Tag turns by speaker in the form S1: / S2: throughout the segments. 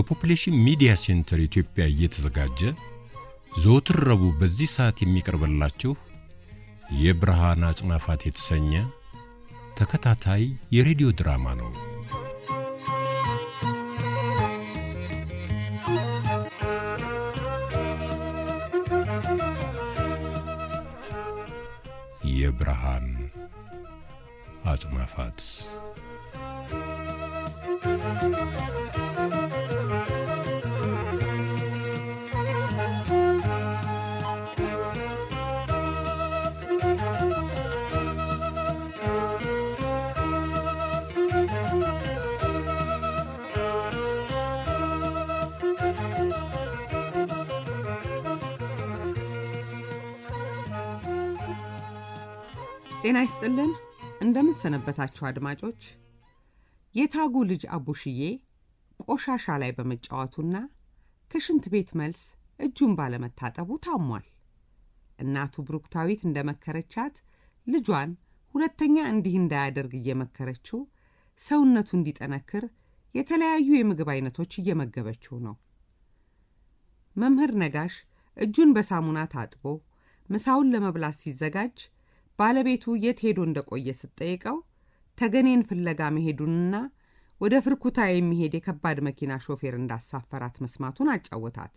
S1: በፖፑሌሽን ሚዲያ ሴንተር ኢትዮጵያ እየተዘጋጀ ዘወትር ረቡዕ በዚህ ሰዓት የሚቀርብላችሁ የብርሃን አጽናፋት የተሰኘ ተከታታይ የሬዲዮ ድራማ ነው። የብርሃን አጽናፋት
S2: ጤና ይስጥልን እንደምንሰነበታችሁ አድማጮች። የታጉ ልጅ አቡሽዬ ቆሻሻ ላይ በመጫወቱና ከሽንት ቤት መልስ እጁን ባለመታጠቡ ታሟል። እናቱ ብሩክታዊት እንደ መከረቻት ልጇን ሁለተኛ እንዲህ እንዳያደርግ እየመከረችው ሰውነቱ እንዲጠነክር የተለያዩ የምግብ አይነቶች እየመገበችው ነው። መምህር ነጋሽ እጁን በሳሙና ታጥቦ ምሳውን ለመብላት ሲዘጋጅ ባለቤቱ የት ሄዶ እንደቆየ ስትጠይቀው ተገኔን ፍለጋ መሄዱንና ወደ ፍርኩታ የሚሄድ የከባድ መኪና ሾፌር እንዳሳፈራት መስማቱን አጫወታት።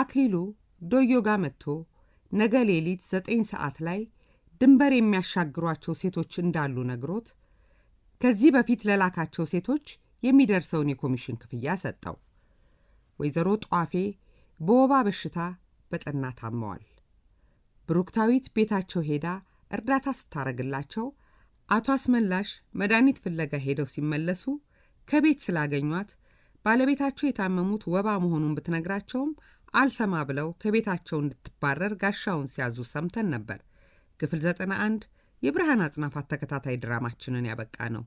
S2: አክሊሉ ዶዮ ጋር መጥቶ ነገ ሌሊት ዘጠኝ ሰዓት ላይ ድንበር የሚያሻግሯቸው ሴቶች እንዳሉ ነግሮት ከዚህ በፊት ለላካቸው ሴቶች የሚደርሰውን የኮሚሽን ክፍያ ሰጠው። ወይዘሮ ጧፌ በወባ በሽታ በጠና ታመዋል። ብሩክታዊት ቤታቸው ሄዳ እርዳታ ስታረግላቸው አቶ አስመላሽ መድኃኒት ፍለጋ ሄደው ሲመለሱ ከቤት ስላገኟት ባለቤታቸው የታመሙት ወባ መሆኑን ብትነግራቸውም አልሰማ ብለው ከቤታቸው እንድትባረር ጋሻውን ሲያዙ ሰምተን ነበር። ክፍል 91 የብርሃን አጽናፋት ተከታታይ ድራማችንን ያበቃ ነው።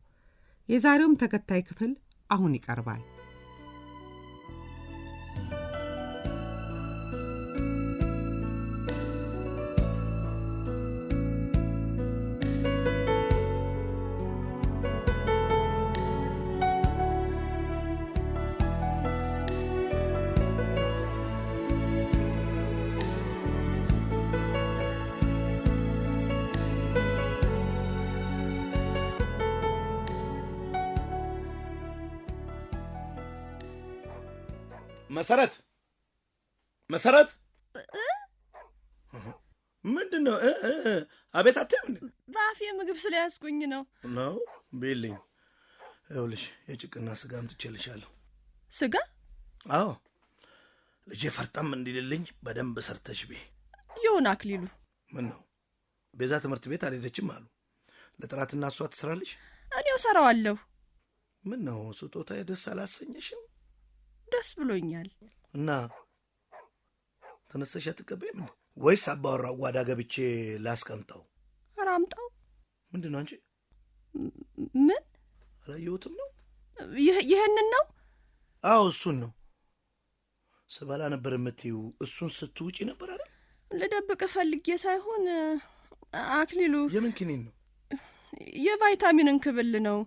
S2: የዛሬውም ተከታይ ክፍል አሁን ይቀርባል።
S3: መሰረት መሰረት ምንድን ነው? አቤት አትይም።
S4: በአፌ ምግብ ስለያዝኩኝ ነው
S3: ነው ቤልኝ። ይኸውልሽ የጭቅና ስጋም ትችልሻለሁ። ስጋ? አዎ ልጄ ፈርጣም እንዲልልኝ በደንብ ሰርተሽ ቤ የሆነ አክሊሉ ምን ነው ቤዛ ትምህርት ቤት አልሄደችም አሉ። ለጥራትና እሷ ትስራልሽ?
S4: እኔው ሰራዋለሁ።
S3: ምን ነው ስጦታ የደስ አላሰኘሽም?
S4: ደስ ብሎኛል።
S3: እና ተነስተሽ አትቀበይም ወይስ አባወራ ጓዳ ገብቼ ላስቀምጠው? ኧረ አምጣው። ምንድን ነው አንቺ? ምን አላየሁትም ነው? ይህንን ነው? አዎ እሱን ነው። ስበላ ነበር የምትይው። እሱን ስትውጪ ነበር አይደል?
S4: ልደብቅ ፈልጌ ሳይሆን አክሊሉ። የምን ኪኒን ነው? የቫይታሚንን ክብል ነው።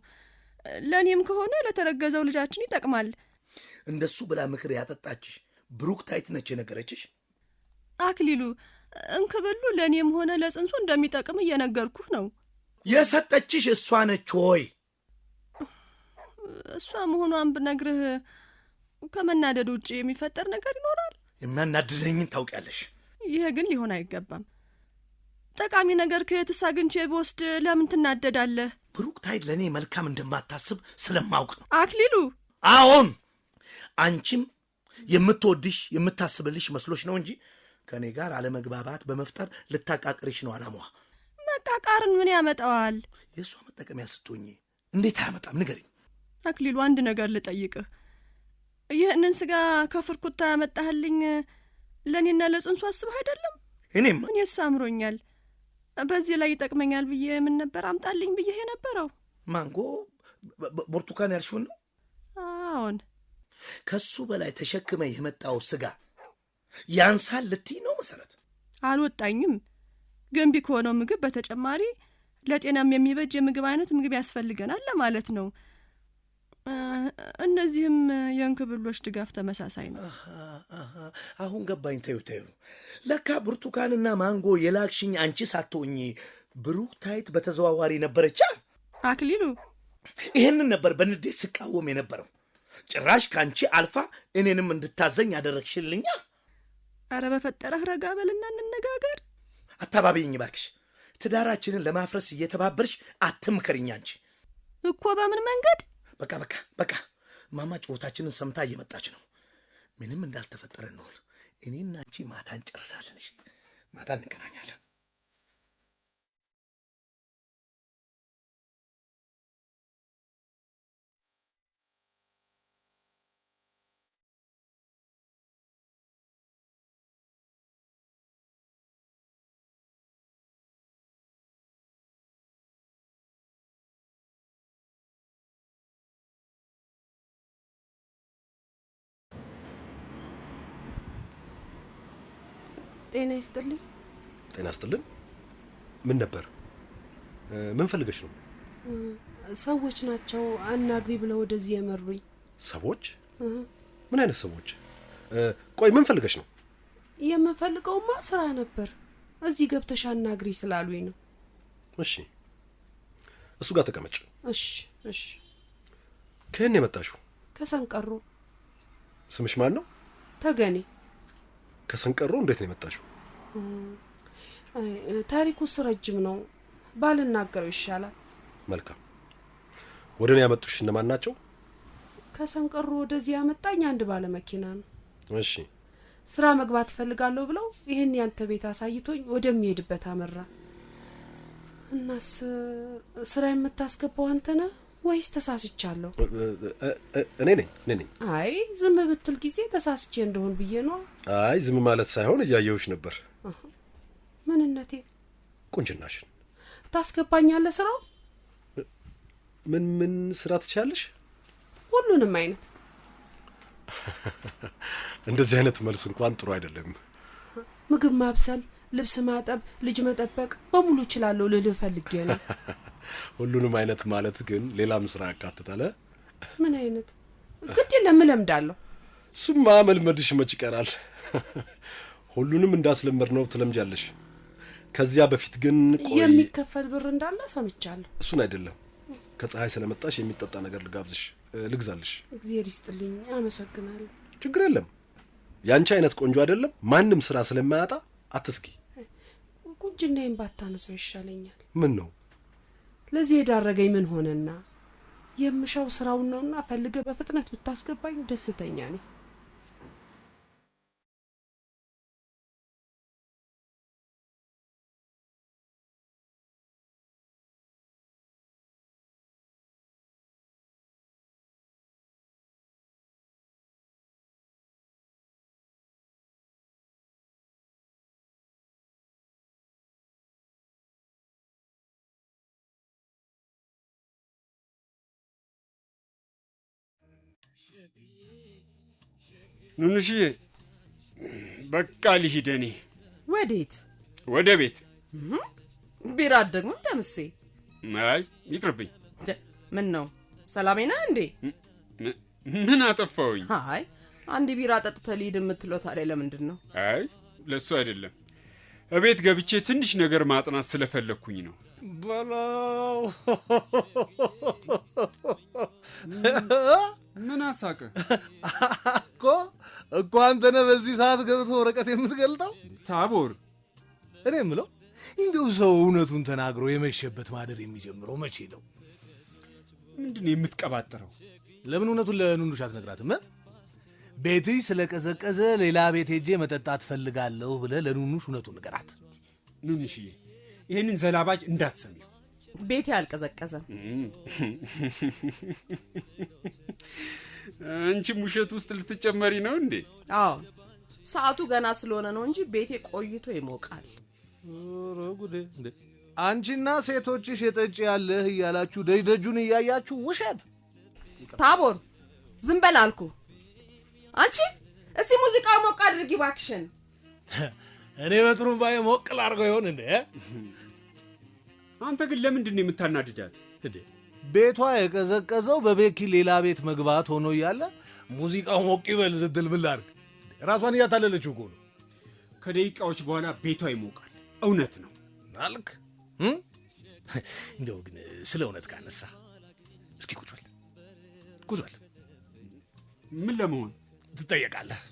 S4: ለእኔም ከሆነ ለተረገዘው ልጃችን ይጠቅማል።
S3: እንደሱ ብላ ምክር ያጠጣችሽ ታይት ነች የነገረችሽ?
S4: አክሊሉ እንክብሉ ለእኔም ሆነ ለጽንሱ እንደሚጠቅም እየነገርኩህ ነው።
S3: የሰጠችሽ እሷ ነች ሆይ?
S4: እሷ መሆኗን ብነግርህ ከመናደድ ውጭ የሚፈጠር ነገር ይኖራል?
S3: የሚያናድደኝን ታውቂያለሽ።
S4: ይሄ ግን ሊሆን አይገባም። ጠቃሚ ነገር ከየትስ አግኝቼ ብወስድ ለምን ትናደዳለህ?
S3: ብሩክታይት ለእኔ መልካም እንደማታስብ ስለማውቅ ነው። አክሊሉ አሁን አንቺም የምትወድሽ የምታስብልሽ መስሎች ነው እንጂ ከእኔ ጋር አለመግባባት በመፍጠር ልታቃቅሪሽ ነው አላማዋ።
S4: መቃቃርን ምን ያመጣዋል?
S3: የእሷ መጠቀሚያ ስትሆኝ እንዴት አያመጣም? ንገሪኝ
S4: አክሊሉ። አንድ ነገር ልጠይቅህ። ይህንን ስጋ ከፍርኩታ ያመጣህልኝ ለእኔና ለጽንሱ አስበህ አይደለም? እኔም ምን አምሮኛል። በዚህ ላይ ይጠቅመኛል ብዬ የምን ነበር አምጣልኝ ብዬ የነበረው?
S3: ማንጎ፣ ብርቱካን ያልሽውን ነው? አዎን ከሱ በላይ ተሸክመ የመጣው ስጋ ያንሳል ልትይ ነው መሰረት?
S4: አልወጣኝም። ገንቢ ከሆነው ምግብ በተጨማሪ ለጤናም የሚበጅ የምግብ አይነት ምግብ ያስፈልገናል ለማለት ነው። እነዚህም የእንክብሎች ድጋፍ ተመሳሳይ
S3: ነው። አሁን ገባኝ። ተዩ ተዩ፣ ለካ ብርቱካንና ማንጎ የላክሽኝ አንቺ ሳትሆኚ ታይት በተዘዋዋሪ ነበረቻ። አክሊሉ፣ ይህንን ነበር በንዴት ስቃወም የነበረው። ጭራሽ ከአንቺ አልፋ እኔንም እንድታዘኝ ያደረግሽልኛ።
S4: አረ በፈጠረህ ረጋ በልና እንነጋገር።
S3: አታባቢኝ ባክሽ። ትዳራችንን ለማፍረስ እየተባበርሽ አትምክርኛ። አንቺ
S4: እኮ በምን መንገድ?
S3: በቃ በቃ በቃ። ማማ ጩኸታችንን ሰምታ እየመጣች ነው። ምንም እንዳልተፈጠረ እንውል። እኔና አንቺ ማታ እንጨርሳለን። ማታ እንገናኛለን። ጤና ይስጥልኝ። ጤና ይስጥልን። ምን ነበር? ምን ፈልገሽ ነው?
S4: ሰዎች ናቸው አናግሪ ብለው ወደዚህ የመሩኝ።
S3: ሰዎች? ምን አይነት ሰዎች? ቆይ ምን ፈልገሽ ነው?
S4: የምፈልገውማ ስራ ነበር። እዚህ ገብተሽ አናግሪ ስላሉኝ ነው።
S3: እሺ፣ እሱ ጋር ተቀመጭ።
S4: እሺ፣ እሺ።
S3: ከህን የመጣሽው? ከሰንቀሩ ስምሽ ማን ነው? ተገኔ ከሰንቀሮ እንዴት ነው ታሪኩ
S4: ታሪኩስ ረጅም ነው፣ ባልናገረው ይሻላል።
S3: መልካም። ወደ እኔ ያመጡሽ እነማን ናቸው?
S4: ከሰንቀሮ ወደዚህ ያመጣኝ አንድ ባለመኪና ነው። እሺ። ስራ መግባት እፈልጋለሁ ብለው ይህን ያንተ ቤት አሳይቶኝ ወደሚሄድበት አመራ። እናስ ስራ የምታስገባው አንተ ነህ? ወይስ ተሳስቻለሁ?
S3: እኔ ነኝ እኔ ነኝ።
S4: አይ ዝም ብትል ጊዜ ተሳስቼ እንደሆን ብዬ ነው።
S3: አይ ዝም ማለት ሳይሆን እያየሁሽ ነበር። ምንነቴ? ቁንጅናሽን።
S4: ታስገባኛለ ስራው
S3: ምን ምን ስራ ትችያለሽ?
S4: ሁሉንም አይነት።
S3: እንደዚህ አይነት መልስ እንኳን ጥሩ አይደለም።
S4: ምግብ ማብሰል፣ ልብስ ማጠብ፣ ልጅ መጠበቅ በሙሉ እችላለሁ ልልህ ፈልጌ ነው።
S3: ሁሉንም አይነት ማለት ግን ሌላም ስራ ያካትታል።
S4: ምን አይነት ግድ የለም እለምዳለሁ።
S3: መልመድሽ መች ይቀራል። ሁሉንም እንዳስለመድ ነው ትለምጃለሽ። ከዚያ በፊት ግን
S4: የሚከፈል ብር እንዳለ ሰምቻለሁ።
S3: እሱን አይደለም ከፀሐይ ስለመጣሽ የሚጠጣ ነገር ልጋብዝሽ፣ ልግዛልሽ።
S4: እግዚአብሔር ይስጥልኝ፣ አመሰግናለሁ።
S3: ችግር የለም። ያንቺ አይነት ቆንጆ አይደለም ማንም ስራ ስለማያጣ አትስኪ።
S4: ቁንጅናዬን ባታነሳው ይሻለኛል። ምን ነው ለዚህ የዳረገኝ ምን ሆነና? የምሻው ስራውን ነውና ፈልገ በፍጥነት ብታስገባኝ ደስተኛ ነኝ።
S5: ኑኑሽዬ በቃ ልሂድ እኔ። ወዴት? ወደ ቤት።
S6: ቢራት ደግሞ ደምሴ
S5: አይ ይቅርብኝ።
S6: ምን ነው ሰላሜ ነህ እንዴ?
S5: ምን አጠፋውኝ?
S6: አይ አንድ ቢራ ጠጥተህ ልሂድ የምትለው ታዲያ ለምንድን ነው?
S5: አይ ለሱ አይደለም እቤት ገብቼ ትንሽ ነገር ማጥናት ስለፈለግኩኝ ነው።
S7: በላው ምን አሳቀ እኮ እኮ አንተ ነህ በዚህ ሰዓት ገብቶ ወረቀት የምትገልጠው። ታቦር እኔ ምለው እንዲሁ ሰው እውነቱን ተናግሮ የመሸበት ማደር የሚጀምረው መቼ ነው?
S5: ምንድን የምትቀባጥረው?
S7: ለምን እውነቱን ለኑኑሻ አትነግራትም? ቤትሽ ስለቀዘቀዘ ሌላ ቤት ሄጄ መጠጣት ትፈልጋለሁ ብለህ ለኑኑሽ እውነቱን ንገራት።
S5: ኑንሽዬ ይህንን ዘላባጅ እንዳትሰሚው
S6: ቤቴ ያልቀዘቀዘ
S5: አንቺም ውሸት ውስጥ ልትጨመሪ ነው እንዴ?
S6: አዎ ሰዓቱ ገና ስለሆነ ነው እንጂ ቤቴ ቆይቶ ይሞቃል።
S7: አንቺና ሴቶችሽ የጠጭ ያለህ እያላችሁ ደጅ ደጁን እያያችሁ ውሸት።
S6: ታቦር ዝም በል አልኩ። አንቺ እስቲ ሙዚቃ ሞቅ አድርጊ ባክሽን።
S7: እኔ በጥሩምባዬ ሞቅ ላድርገው ይሆን እንዴ?
S5: አንተ ግን ለምንድን ነው የምታናድዳት?
S7: ቤቷ የቀዘቀዘው በቤኪ ሌላ ቤት መግባት ሆኖ እያለ ሙዚቃው ሞቅ ይበል ስትል ምን ላድርግ? ራሷን እያታለለችው እኮ ነው።
S5: ከደቂቃዎች በኋላ ቤቷ ይሞቃል። እውነት ነው
S7: አልክ። እንደው ግን ስለ እውነት ካነሳ እስኪ ቁጭ በል ቁጭ በል። ምን ለመሆን ትጠየቃለህ?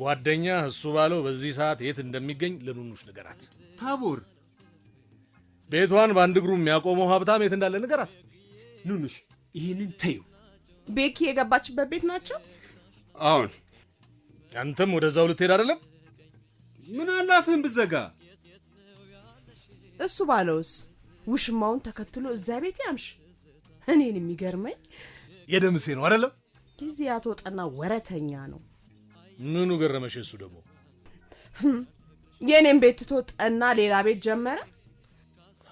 S7: ጓደኛ እሱ ባለው በዚህ ሰዓት የት እንደሚገኝ ለኑኑሽ ንገራት ታቦር ቤቷን በአንድ እግሩ የሚያቆመው ሀብታም የት እንዳለ ንገራት።
S5: ኑኑሽ ይህንን ተዩ።
S6: ቤኪ የገባችበት ቤት ናቸው።
S5: አሁን
S7: አንተም ወደዛው ልትሄድ አይደለም?
S5: ምን አላፍህን ብዘጋ።
S6: እሱ ባለውስ ውሽማውን ተከትሎ እዚያ ቤት ያምሽ። እኔን የሚገርመኝ
S7: የደምሴ ነው አይደለም?
S6: ጊዜ አቶ ጠና ወረተኛ ነው።
S7: ምኑ ገረመሽ? እሱ ደግሞ
S6: የእኔም ቤት ትቶ ጠና ሌላ ቤት ጀመረ።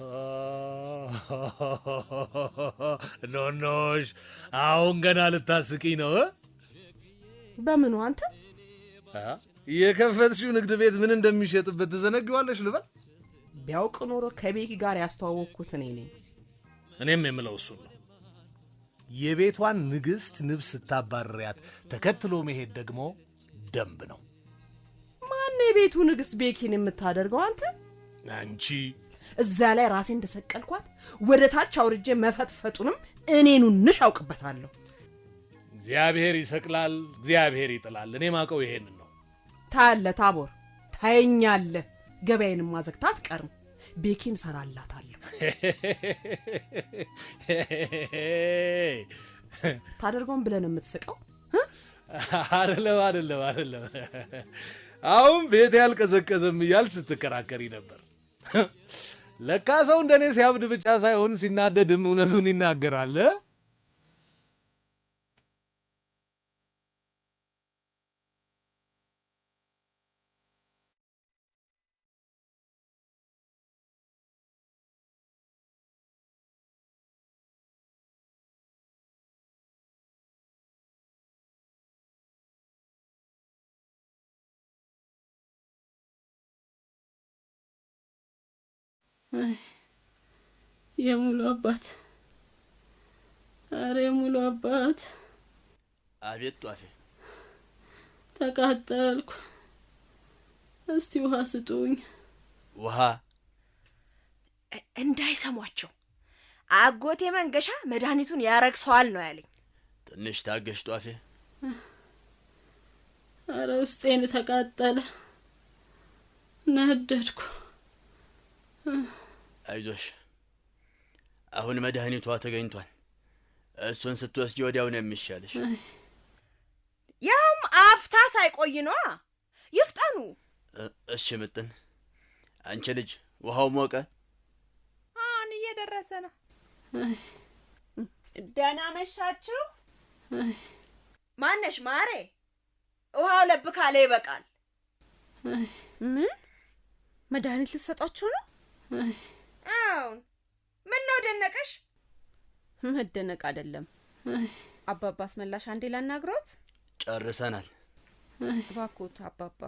S7: ኖኖሽ አሁን ገና ልታስቂኝ ነው። በምኑ አንተ? የከፈትሽው ንግድ ቤት ምን እንደሚሸጥበት ትዘነጊዋለሽ ልበል?
S6: ቢያውቅ ኖሮ ከቤኪ ጋር ያስተዋወቅኩት እኔ ነኝ።
S7: እኔም የምለው እሱ ነው። የቤቷን ንግሥት ንብ ስታባርሪያት ተከትሎ መሄድ ደግሞ ደንብ ነው።
S6: ማነው የቤቱ ንግሥት ቤኪን የምታደርገው አንተ? አንቺ እዛ ላይ ራሴ እንደሰቀልኳት ወደ ታች አውርጄ መፈትፈጡንም እኔኑ ንሽ አውቅበታለሁ።
S7: እግዚአብሔር ይሰቅላል፣ እግዚአብሔር ይጥላል። እኔ ማቀው ይሄንን ነው።
S6: ታያለ ታቦር ታየኛለ። ገበያዬንም ማዘግታ አትቀርም። ቤኪን ሰራላታለሁ። ታደርገውን ብለን የምትስቀው
S7: አደለም፣ አደለም፣ አደለም። አሁን ቤት ያልቀዘቀዘም እያል ስትከራከሪ ነበር። ለካ ሰው እንደኔ ሲያብድ ብቻ ሳይሆን ሲናደድም እውነቱን ይናገራል።
S8: የሙሉ አባት አረ የሙሉ አባት አቤት ጧፌ ተቃጠልኩ እስቲ ውሃ ስጡኝ
S9: ውሃ
S6: እንዳይሰሟቸው አጎቴ መንገሻ መድኃኒቱን ያረግሰዋል ነው ያለኝ
S9: ትንሽ ታገሽ ጧፌ
S8: አረ ውስጤን ተቃጠለ ነደድኩ
S9: አይዞሽ፣ አሁን መድኃኒቷ ተገኝቷል። እሱን ስትወስጂ ወዲያው ነው የሚሻለሽ።
S6: ያውም አፍታ ሳይቆይ ነዋ። ይፍጠኑ።
S9: እሺ ምጥን። አንቺ ልጅ ውሃው ሞቀ?
S6: አሁን እየደረሰ ነው። ደህና መሻችሁ። ማነሽ ማሬ? ውሃው ለብ ካለ ይበቃል። ምን መድኃኒት ልትሰጣችሁ ነው? አዎን። ምን ነው ደነቀሽ? መደነቅ አይደለም። አባባ አስመላሽ አንዴ ላናግሮት።
S9: ጨርሰናል።
S6: እባክዎት አባባ።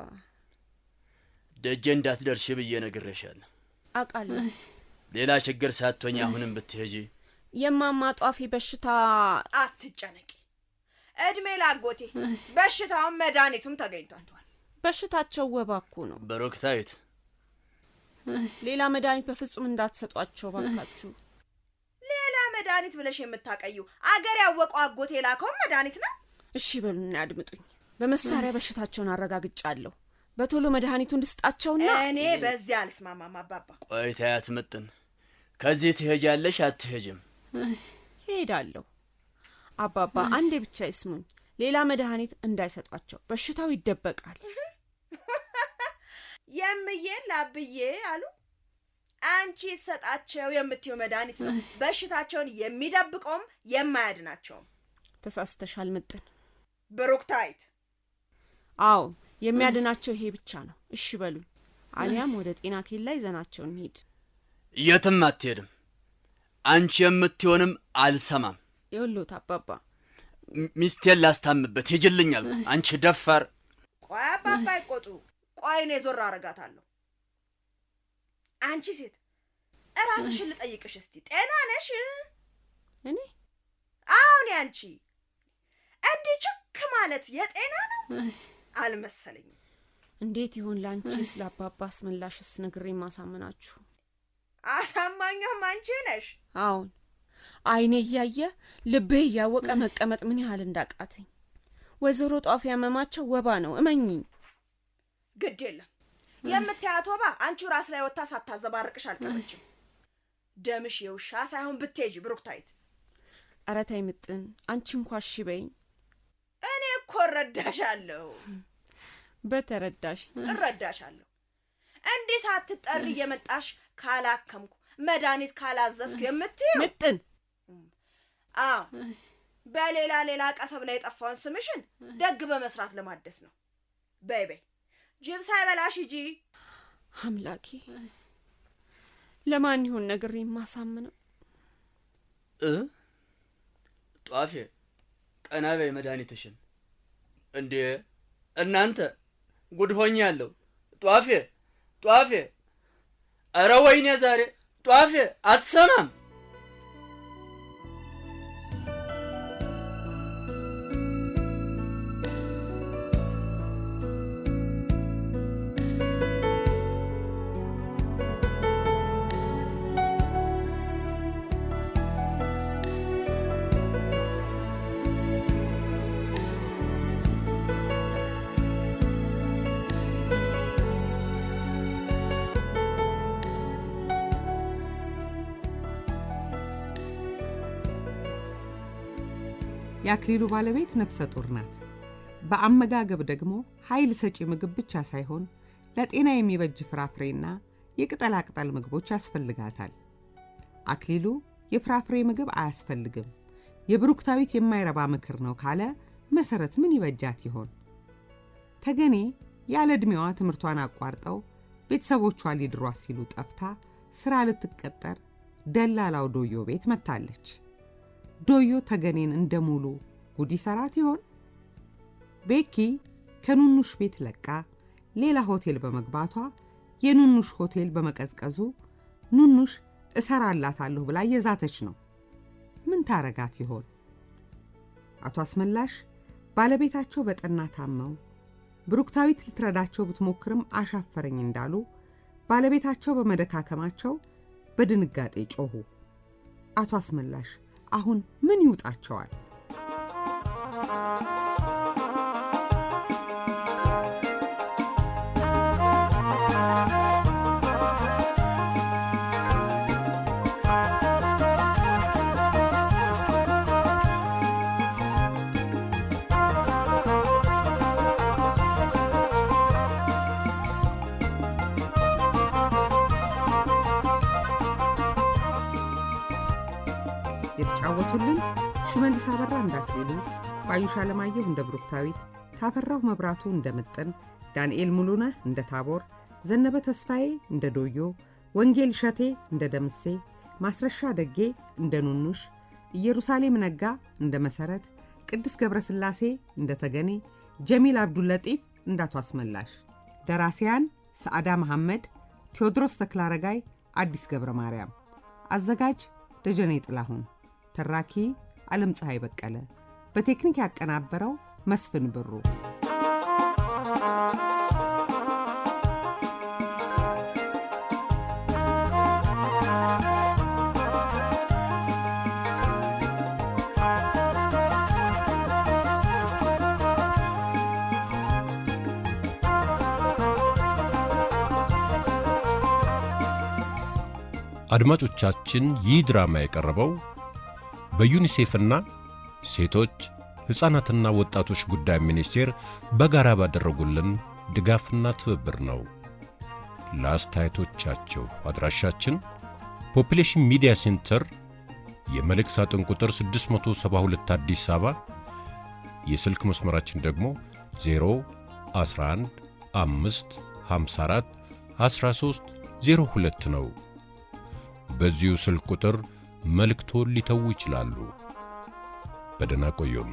S9: ደጀ እንዳትደርሽ ብዬ ነግሬሻለሁ። አውቃለሁ። ሌላ ችግር ሳትሆኝ አሁንም ብትሄጂ
S6: የማማ ጧፊ በሽታ አትጨነቂ። እድሜ ላጎቴ በሽታውም መድኃኒቱም ተገኝቷል። በሽታቸው ወባኩ ነው
S9: በሮክታዊት
S6: ሌላ መድኃኒት በፍጹም እንዳትሰጧቸው ባካችሁ። ሌላ መድኃኒት ብለሽ የምታቀዩ አገር ያወቀው አጎቴ ላከውን መድኃኒት ነው። እሺ በሉና ያድምጡኝ። በመሳሪያ በሽታቸውን አረጋግጫለሁ። በቶሎ መድኃኒቱን ልስጣቸውና። እኔ በዚያ አልስማማም። አባባ
S9: ቆይታ ያትምጥን። ከዚህ ትሄጃለሽ አትሄጅም?
S6: ይሄዳለሁ አባባ አንዴ ብቻ ይስሙኝ። ሌላ መድኃኒት እንዳይሰጧቸው፣ በሽታው ይደበቃል። የምዬ ላብዬ አሉ። አንቺ ሰጣቸው የምትይው መድኃኒት ነው በሽታቸውን የሚደብቀውም የማያድናቸውም። ተሳስተሻል ምጥን ብሩክታይት። አዎ የሚያድናቸው ይሄ ብቻ ነው። እሺ በሉ አሊያም ወደ ጤና ኬላ ይዘናቸው እንሂድ።
S9: የትም አትሄድም አንቺ የምትሆንም አልሰማም።
S6: ይኸውልዎት አባባ
S9: ሚስቴን ላስታምበት ሄጅልኛል። አንቺ ደፋር።
S6: ቆይ አባባ አይቆጡ ቋይኔ ዞር አረጋታለሁ። አንቺ ሴት እራስሽን ልጠይቅሽ እስቲ ጤና ነሽ? እኔ አሁን ያንቺ እንዲህ ችክ ማለት የጤና ነው አልመሰለኝም። እንዴት ይሆን ለአንቺስ ለአባባስ ምላሽስ ነግሬ ማሳምናችሁ? አሳማኛም አንቺ ነሽ። አሁን አይኔ እያየ ልቤ እያወቀ መቀመጥ ምን ያህል እንዳቃተኝ። ወይዘሮ ጧፍ ያመማቸው ወባ ነው እመኝኝ። ግድ የለም የምታያት ወባ አንቺው ራስ ላይ ወታ ሳታዘባርቅሽ አልቀረችም። ደምሽ የውሻ ሳይሆን ብትሄጂ ብሩክታይት። ኧረ ተይ ምጥን፣ አንቺ እንኳ እሺ በይኝ። እኔ እኮ እረዳሻለሁ፣ በተረዳሽ እረዳሻለሁ። እንዲህ ሳትጠሪ እየመጣሽ ካላከምኩ መድኃኒት ካላዘዝኩ የምትይው ምጥን። አዎ በሌላ ሌላ ቀሰብ ላይ የጠፋውን ስምሽን ደግ በመስራት ለማደስ ነው። በይ በይ ጅብ ሳይበላሽ ሂጂ። አምላኬ ለማን ይሆን ነገር የማሳምነው?
S9: ጧፌ ቀና በይ መድኃኒትሽን። እንዴ እናንተ ጉድ ያለው ጧፌ ጧፌ፣ ኧረ ወይኔ ዛሬ ጧፌ አትሰማም።
S10: የአክሊሉ ባለቤት ነፍሰ ጡር ናት። በአመጋገብ ደግሞ ኃይል ሰጪ ምግብ ብቻ ሳይሆን ለጤና የሚበጅ ፍራፍሬና የቅጠላቅጠል ምግቦች ያስፈልጋታል። አክሊሉ የፍራፍሬ ምግብ አያስፈልግም፣ የብሩክታዊት የማይረባ ምክር ነው ካለ መሰረት ምን ይበጃት ይሆን? ተገኔ ያለ ዕድሜዋ ትምህርቷን አቋርጠው ቤተሰቦቿ ሊድሯት ሲሉ ጠፍታ ሥራ ልትቀጠር ደላላው ዶዮ ቤት መታለች? ዶዮ ተገኔን እንደ ሙሉ ጉድ ይሰራት ይሆን? ቤኪ ከኑኑሽ ቤት ለቃ ሌላ ሆቴል በመግባቷ የኑኑሽ ሆቴል በመቀዝቀዙ ኑኑሽ እሰራላታለሁ ብላ የዛተች ነው። ምን ታረጋት ይሆን? አቶ አስመላሽ ባለቤታቸው በጠና ታመው ብሩክታዊት ልትረዳቸው ብትሞክርም አሻፈረኝ እንዳሉ ባለቤታቸው በመደካከማቸው በድንጋጤ ጮኹ። አቶ አስመላሽ አሁን ምን ይውጣቸዋል?
S11: የተጫወቱልን ሽመልስ አበራ እንዳትሉ፣ ባዩሽ አለማየሁ እንደ ብሩክታዊት፣ ታፈራው መብራቱ እንደ ምጥን፣ ዳንኤል ሙሉነህ እንደ ታቦር፣ ዘነበ ተስፋዬ እንደ ዶዮ፣ ወንጌል እሸቴ እንደ ደምሴ፣ ማስረሻ ደጌ እንደ ኑኑሽ፣ ኢየሩሳሌም ነጋ እንደ መሠረት፣ ቅድስ ገብረ ሥላሴ እንደ ተገኔ፣ ጀሚል አብዱለጢፍ እንዳቶ አስመላሽ። ደራሲያን ሰዓዳ መሐመድ፣ ቴዎድሮስ ተክላረጋይ፣ አዲስ ገብረ ማርያም። አዘጋጅ ደጀኔ ጥላሁን ተራኪ ዓለም ፀሐይ በቀለ፣ በቴክኒክ ያቀናበረው መስፍን ብሩ።
S12: አድማጮቻችን ይህ ድራማ የቀረበው በዩኒሴፍና ሴቶች ሕፃናትና ወጣቶች ጉዳይ ሚኒስቴር በጋራ ባደረጉልን ድጋፍና ትብብር ነው። ለአስተያየቶቻቸው አድራሻችን ፖፕሌሽን ሚዲያ ሴንተር የመልእክት ሳጥን ቁጥር 672 አዲስ አበባ፣ የስልክ መስመራችን ደግሞ 0 11 5 54 13 02 ነው። በዚሁ ስልክ ቁጥር መልክቶን ሊተዉ ይችላሉ። በደህና ቆዩም።